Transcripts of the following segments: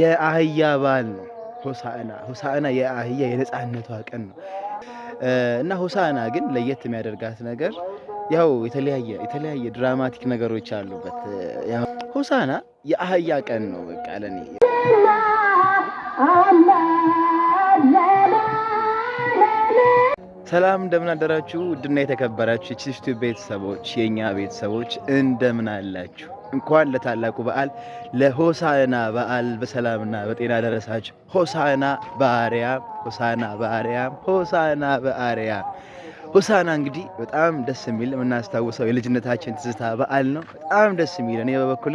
የአህያ በዓል ነው። ሆሳዕና ሆሳዕና የአህያ የነፃነቷ ቀን ነው እና ሆሳዕና ግን ለየት የሚያደርጋት ነገር ያው የተለያየ የተለያየ ድራማቲክ ነገሮች አሉበት። ሆሳዕና የአህያ ቀን ነው። በቃ ለኔ ሰላም እንደምን አደራችሁ? ውድና የተከበራችሁ የቺስቱ ቤተሰቦች የእኛ ቤተሰቦች እንደምን አላችሁ? እንኳን ለታላቁ በዓል ለሆሳዕና በዓል በሰላምና በጤና ደረሳችሁ። ሆሳዕና በአርያም ሆሳዕና በአርያም ሆሳዕና በአርያም ሆሳዕና እንግዲህ በጣም ደስ የሚል የምናስታውሰው የልጅነታችን ትዝታ በዓል ነው። በጣም ደስ የሚል እኔ በበኩሌ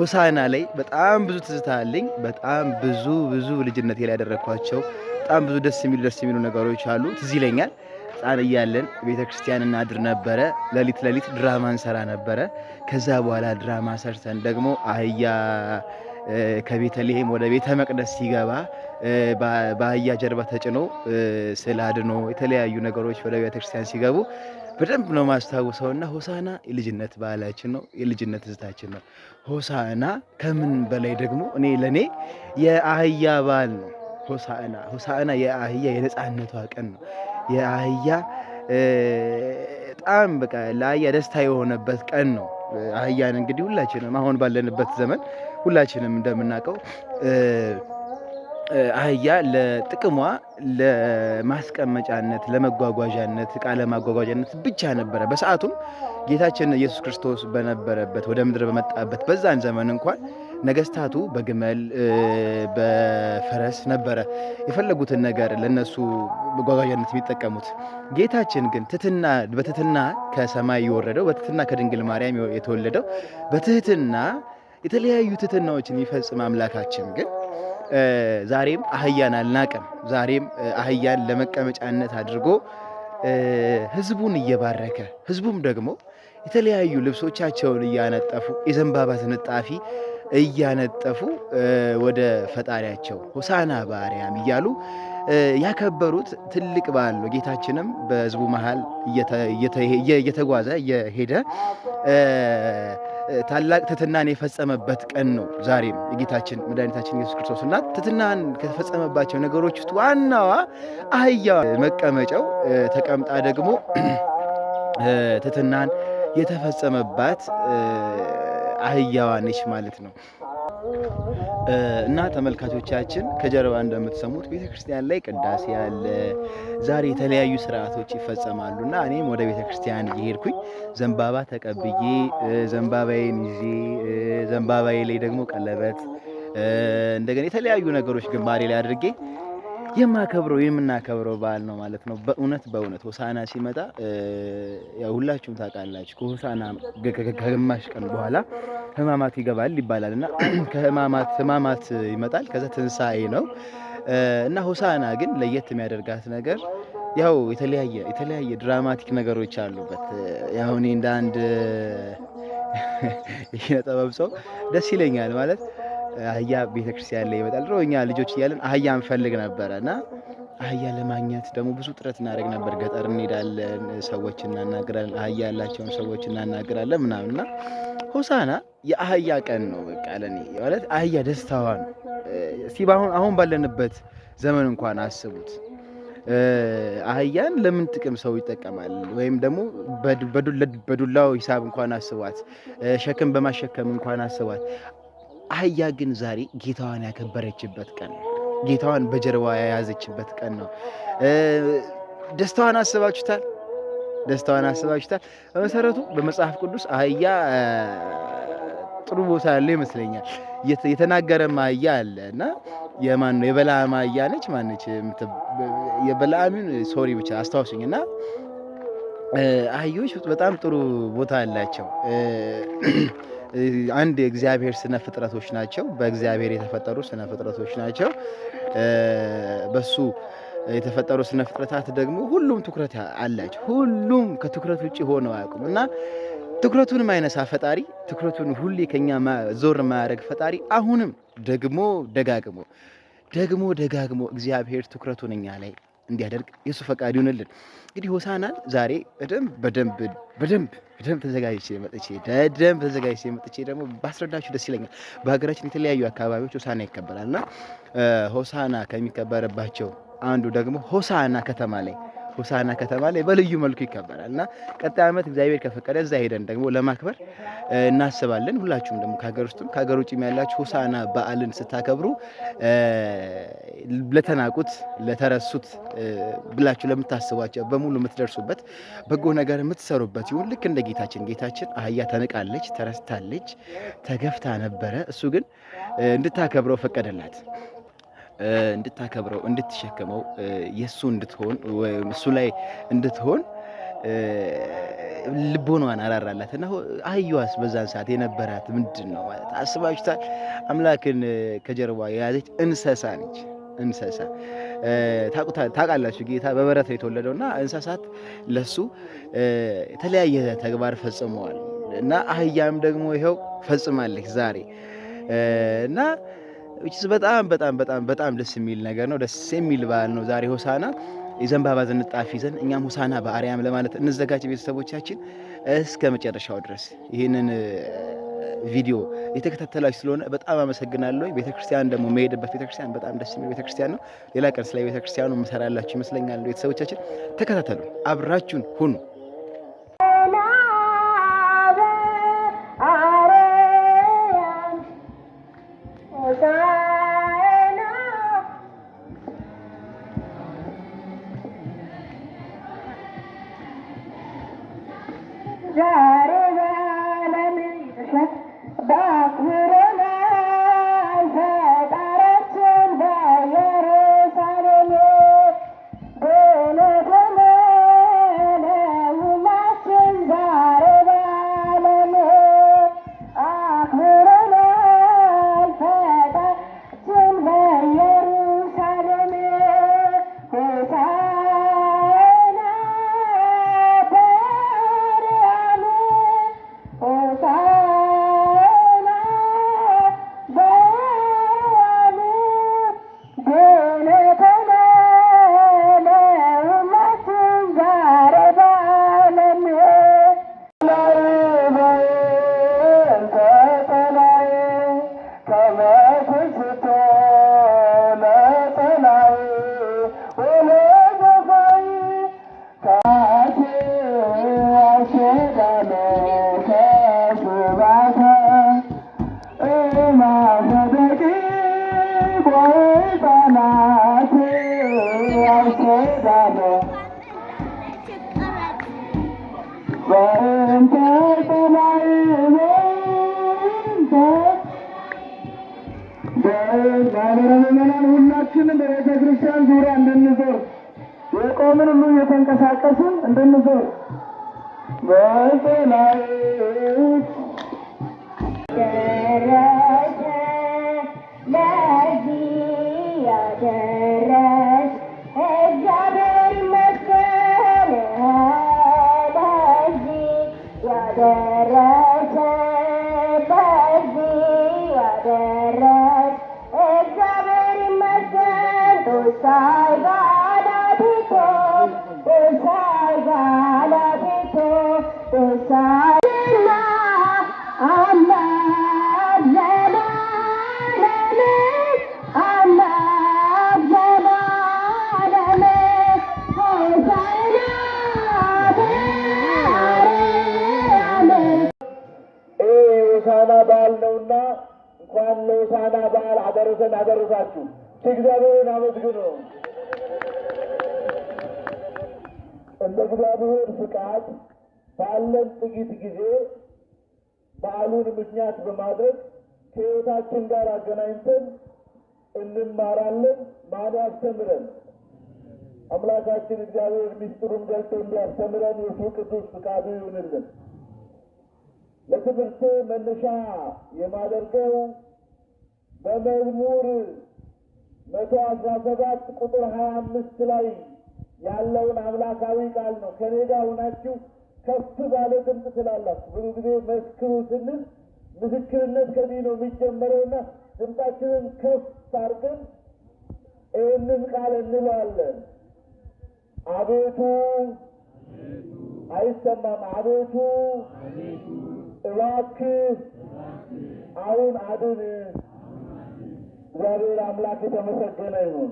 ሆሳዕና ላይ በጣም ብዙ ትዝታ አለኝ። በጣም ብዙ ብዙ ልጅነቴ ላይ ያደረግኳቸው በጣም ብዙ ደስ የሚሉ ደስ የሚሉ ነገሮች አሉ። ትዝ ይለኛል ህፃን እያለን ቤተ ክርስቲያን እናድር ነበረ። ለሊት ለሊት ድራማ እንሰራ ነበረ። ከዛ በኋላ ድራማ ሰርተን ደግሞ አህያ ከቤተልሔም ወደ ቤተ መቅደስ ሲገባ በአህያ ጀርባ ተጭኖ ስዕል አድኖ የተለያዩ ነገሮች ወደ ክርስቲያን ሲገቡ በደንብ ነው ማስታውሰውና ሆሳና የልጅነት ባህላችን ነው፣ የልጅነት እዝታችን ነው። ሆሳና ከምን በላይ ደግሞ እኔ ለእኔ የአህያ በዓል ነው። ሆሳና ሆሳና የአህያ የነፃነቷ ቀን ነው። የአህያ በጣም በቃ ለአህያ ደስታ የሆነበት ቀን ነው። አህያን እንግዲህ ሁላችንም አሁን ባለንበት ዘመን ሁላችንም እንደምናውቀው አህያ ለጥቅሟ ለማስቀመጫነት፣ ለመጓጓዣነት፣ እቃ ለማጓጓዣነት ብቻ ነበረ። በሰዓቱም ጌታችን ኢየሱስ ክርስቶስ በነበረበት ወደ ምድር በመጣበት በዛን ዘመን እንኳን ነገስታቱ በግመል በፈረስ ነበረ የፈለጉትን ነገር ለነሱ መጓጓዣነት የሚጠቀሙት። ጌታችን ግን ትትና በትህትና ከሰማይ የወረደው በትትና ከድንግል ማርያም የተወለደው በትህትና የተለያዩ ትህትናዎችን የሚፈጽም አምላካችን ግን ዛሬም አህያን አልናቀም። ዛሬም አህያን ለመቀመጫነት አድርጎ ህዝቡን እየባረከ ህዝቡም ደግሞ የተለያዩ ልብሶቻቸውን እያነጠፉ የዘንባባ ትንጣፊ እያነጠፉ ወደ ፈጣሪያቸው ሆሳና በአርያም እያሉ ያከበሩት ትልቅ በዓል ነው። ጌታችንም በሕዝቡ መሀል እየተጓዘ እየሄደ ታላቅ ትሕትናን የፈጸመበት ቀን ነው። ዛሬም የጌታችን መድኃኒታችን ኢየሱስ ክርስቶስ እና ትሕትናን ከተፈጸመባቸው ነገሮች ውስጥ ዋናዋ አህያ መቀመጫው ተቀምጣ ደግሞ ትሕትናን የተፈጸመባት አህያዋ ነች ማለት ነው። እና ተመልካቾቻችን ከጀርባ እንደምትሰሙት ቤተክርስቲያን ላይ ቅዳሴ ያለ ዛሬ የተለያዩ ስርዓቶች ይፈጸማሉ እና እኔም ወደ ቤተክርስቲያን እየሄድኩኝ ዘንባባ ተቀብዬ ዘንባባዬን ይዤ ዘንባባዬ ላይ ደግሞ ቀለበት እንደገና የተለያዩ ነገሮች ግንባሬ ላይ አድርጌ የማከብረው የምናከብረው በዓል ነው ማለት ነው። በእውነት በእውነት ሆሳና ሲመጣ ያው ሁላችሁም ታውቃላችሁ፣ ከሆሳና ከግማሽ ቀን በኋላ ህማማት ይገባል ይባላል እና ከሕማማት ይመጣል፣ ከዛ ትንሣኤ ነው እና ሆሳና ግን ለየት የሚያደርጋት ነገር ያው የተለያየ የተለያየ ድራማቲክ ነገሮች አሉበት። ያው እኔ እንደ አንድ ጥበብ ሰው ደስ ይለኛል ማለት አህያ ቤተክርስቲያን ላይ ይመጣል። ድሮ እኛ ልጆች እያለን አህያ እንፈልግ ነበረ እና አህያ ለማግኘት ደግሞ ብዙ ጥረት እናደርግ ነበር። ገጠር እንሄዳለን፣ ሰዎች እናናግራለን፣ አህያ ያላቸውን ሰዎች እናናግራለን ምናምን እና ሆሳና የአህያ ቀን ነው። በቃ ለኔ ማለት አህያ ደስታዋ ነው። እስቲ አሁን ባለንበት ዘመን እንኳን አስቡት። አህያን ለምን ጥቅም ሰው ይጠቀማል? ወይም ደግሞ በዱላው ሂሳብ እንኳን አስቧት፣ ሸክም በማሸከም እንኳን አስቧት። አህያ ግን ዛሬ ጌታዋን ያከበረችበት ቀን ነው። ጌታዋን በጀርባ የያዘችበት ቀን ነው። ደስታዋን አስባችሁታል? ደስታዋን አስባችሁታል? በመሰረቱ በመጽሐፍ ቅዱስ አህያ ጥሩ ቦታ ያለው ይመስለኛል። የተናገረም አህያ አለ እና የማን ነው የበለዓም አህያ ነች ማነች? የበለዓምን ሶሪ ብቻ አስታውሱኝ እና አህዮች በጣም ጥሩ ቦታ አላቸው። አንድ የእግዚአብሔር ስነ ፍጥረቶች ናቸው። በእግዚአብሔር የተፈጠሩ ስነ ፍጥረቶች ናቸው። በሱ የተፈጠሩ ስነ ፍጥረታት ደግሞ ሁሉም ትኩረት አላቸው። ሁሉም ከትኩረት ውጭ ሆነው አያውቁም እና ትኩረቱን ማይነሳ ፈጣሪ ትኩረቱን ሁሌ ከኛ ዞር ማያደረግ ፈጣሪ አሁንም ደግሞ ደጋግሞ ደግሞ ደጋግሞ እግዚአብሔር ትኩረቱን እኛ ላይ እንዲያደርግ የእሱ ፈቃድ ይሆንልን። እንግዲህ ሆሳናን ዛሬ በደንብ በደንብ በደንብ በደንብ ተዘጋጅቼ መጥቼ በደንብ ተዘጋጅቼ መጥቼ ደግሞ ባስረዳችሁ ደስ ይለኛል። በሀገራችን የተለያዩ አካባቢዎች ሆሳና ይከበራል እና ሆሳና ከሚከበርባቸው አንዱ ደግሞ ሆሳና ከተማ ላይ ሆሳና ከተማ ላይ በልዩ መልኩ ይከበራል እና ቀጣይ ዓመት እግዚአብሔር ከፈቀደ እዛ ሄደን ደግሞ ለማክበር እናስባለን። ሁላችሁም ደግሞ ከሀገር ውስጥም ከሀገር ውጭም ያላችሁ ሆሳና በዓልን ስታከብሩ ለተናቁት፣ ለተረሱት ብላችሁ ለምታስቧቸው በሙሉ የምትደርሱበት በጎ ነገር የምትሰሩበት ይሁን። ልክ እንደ ጌታችን ጌታችን አህያ ተንቃለች፣ ተረስታለች፣ ተገፍታ ነበረ። እሱ ግን እንድታከብረው ፈቀደላት። እንድታከብረው፣ እንድትሸከመው፣ የእሱ እንድትሆን እሱ ላይ እንድትሆን ልቦኗን አራራላት እና አህያዋስ በዛን ሰዓት የነበራት ምንድን ነው ማለት አስባችሁታል? አምላክን ከጀርባ የያዘች እንስሳ ነች። እንስሳ ታውቃላችሁ፣ ጌታ በበረት የተወለደው እና እንስሳት ለሱ የተለያየ ተግባር ፈጽመዋል እና አህያም ደግሞ ይኸው ፈጽማለች ዛሬ እና ዊችስ በጣም በጣም በጣም በጣም ደስ የሚል ነገር ነው። ደስ የሚል በዓል ነው። ዛሬ ሆሳና የዘንባባ ዝንጣፊ ይዘን እኛም ሆሳና በአርያም ለማለት እንዘጋጅ ቤተሰቦቻችን፣ እስከ መጨረሻው ድረስ ይህንን ቪዲዮ የተከታተላችሁ ስለሆነ በጣም አመሰግናለሁ። ቤተክርስቲያን ደግሞ መሄድበት ቤተክርስቲያን በጣም ደስ የሚል ቤተክርስቲያን ነው። ሌላ ቀን ስለ ቤተክርስቲያኑ መሰራላችሁ ይመስለኛል። ቤተሰቦቻችን ተከታተሉ፣ አብራችሁን ሁኑ። ናት አውሰዳለ በእንተ ዙሪያ እንድንዞር የቆምን ሁሉ እየተንቀሳቀስን እንኳን ለሆሳዕና በዓል አደረሰን አደረሳችሁ። እግዚአብሔርን አመስግኑ። እንደ እግዚአብሔር ፍቃድ ባለን ጥቂት ጊዜ በዓሉን ምክንያት በማድረግ ከሕይወታችን ጋር አገናኝተን እንማራለን። ማን ያስተምረን? አምላካችን እግዚአብሔር ሚስጥሩም ገልጦ እንዲያስተምረን የሱ ቅዱስ ፍቃዱ ይሁንልን። ለትምህርት መነሻ የማደርገው በመዝሙር መቶ አስራ ሰባት ቁጥር ሀያ አምስት ላይ ያለውን አምላካዊ ቃል ነው። ከኔ ጋር ሆናችሁ ከፍ ባለ ድምፅ ትላላችሁ። ብዙ ጊዜ መስክሩ ስንል ምስክርነት ከዚህ ነው የሚጀመረውና ድምፃችንን ከፍ አድርገን ይህንን ቃል እንለዋለን። አቤቱ አይሰማም። አቤቱ Iraq Aoun അതിന് വരൂർ അമ്ലാക്കി ചമസക്കനായിരുന്നു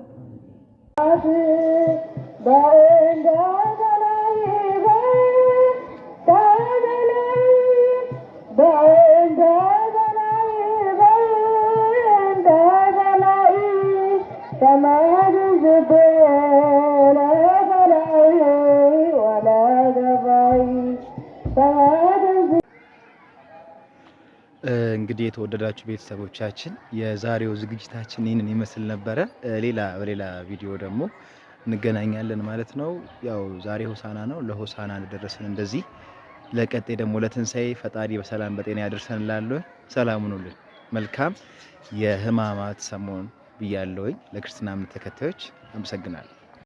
እንግዲህ የተወደዳችሁ ቤተሰቦቻችን የዛሬው ዝግጅታችን ይህንን ይመስል ነበረ። ሌላ በሌላ ቪዲዮ ደግሞ እንገናኛለን ማለት ነው። ያው ዛሬ ሆሳና ነው። ለሆሳና እንደደረስን እንደዚህ ለቀጤ ደግሞ ለትንሳኤ ፈጣሪ በሰላም በጤና ያደርሰን እላለሁ። ሰላም መልካም የህማማት ሰሞን ብያለሁኝ። ለክርስትና እምነት ተከታዮች አመሰግናለሁ።